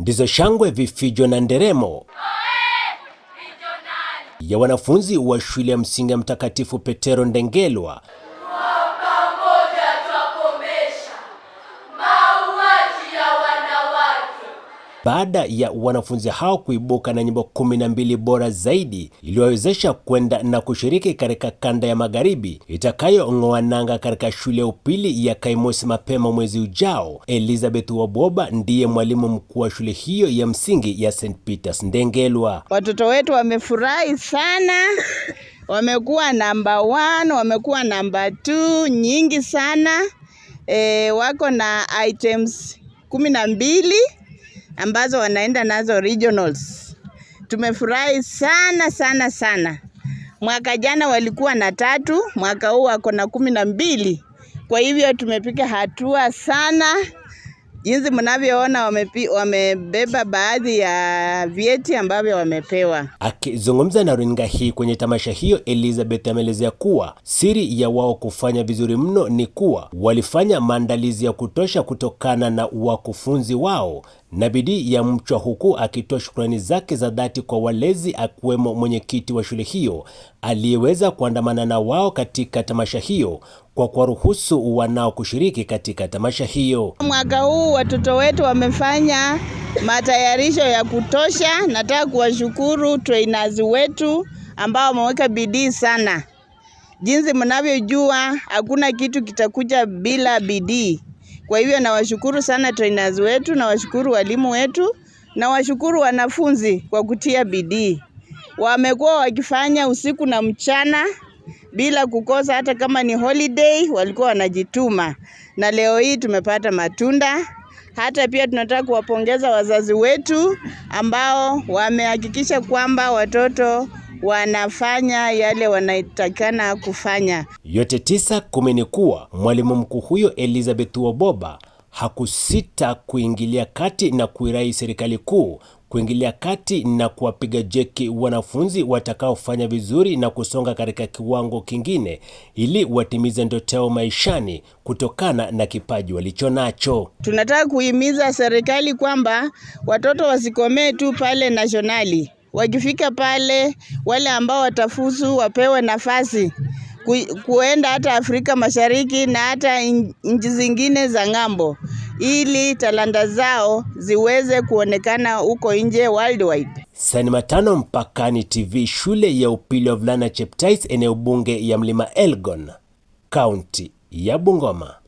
ndizo shangwe, vifijo na nderemo ya wanafunzi wa shule ya msingi ya Mtakatifu Petero Ndengelwa baada ya wanafunzi hao kuibuka na nyimbo kumi na mbili bora zaidi iliyowezesha kwenda na kushiriki katika kanda ya magharibi itakayong'oa nanga katika shule ya upili ya Kaimosi mapema mwezi ujao. Elizabeth Waboba ndiye mwalimu mkuu wa shule hiyo ya msingi ya St Peters Ndengelwa. Watoto wetu wamefurahi sana wamekuwa namba one, wamekuwa namba two nyingi sana e, wako na items kumi na mbili ambazo wanaenda nazo regionals. Tumefurahi sana sana sana. Mwaka jana walikuwa na tatu, mwaka huu wako na kumi na mbili. Kwa hivyo tumepiga hatua sana. Jinsi mnavyoona wamebeba baadhi ya vyeti ambavyo wamepewa. Akizungumza na runinga hii kwenye tamasha hiyo, Elizabeth ameelezea kuwa siri ya wao kufanya vizuri mno ni kuwa walifanya maandalizi ya kutosha kutokana na wakufunzi wao na bidii ya mchwa, huku akitoa shukrani zake za dhati kwa walezi, akiwemo mwenyekiti wa shule hiyo aliyeweza kuandamana na wao katika tamasha hiyo kwa kuwaruhusu wanao kushiriki katika tamasha hiyo. Mwaka huu watoto wetu wamefanya matayarisho ya kutosha. Nataka kuwashukuru trainers wetu ambao wameweka bidii sana. Jinsi mnavyojua, hakuna kitu kitakuja bila bidii. Kwa hivyo nawashukuru sana trainers wetu, nawashukuru walimu wetu, nawashukuru wanafunzi kwa kutia bidii. Wamekuwa wakifanya usiku na mchana bila kukosa, hata kama ni holiday walikuwa wanajituma, na leo hii tumepata matunda. Hata pia tunataka kuwapongeza wazazi wetu ambao wamehakikisha kwamba watoto wanafanya yale wanaitakana kufanya. Yote tisa kuwa mwalimu mkuu huyo Elizabeth woboba hakusita kuingilia kati na kuirai serikali kuu kuingilia kati na kuwapiga jeki wanafunzi watakaofanya vizuri na kusonga katika kiwango kingine ili watimize ndoto yao maishani kutokana na kipaji walicho nacho. Tunataka kuhimiza serikali kwamba watoto wasikomee tu pale nationali Wakifika pale wale ambao watafuzu wapewe nafasi kuenda hata Afrika Mashariki na hata nchi zingine za ng'ambo ili talanta zao ziweze kuonekana huko nje worldwide. Selma Matano, Mpakani TV. Shule ya upili wa vulana Cheptais, eneo bunge ya Mlima Elgon, kaunti ya Bungoma.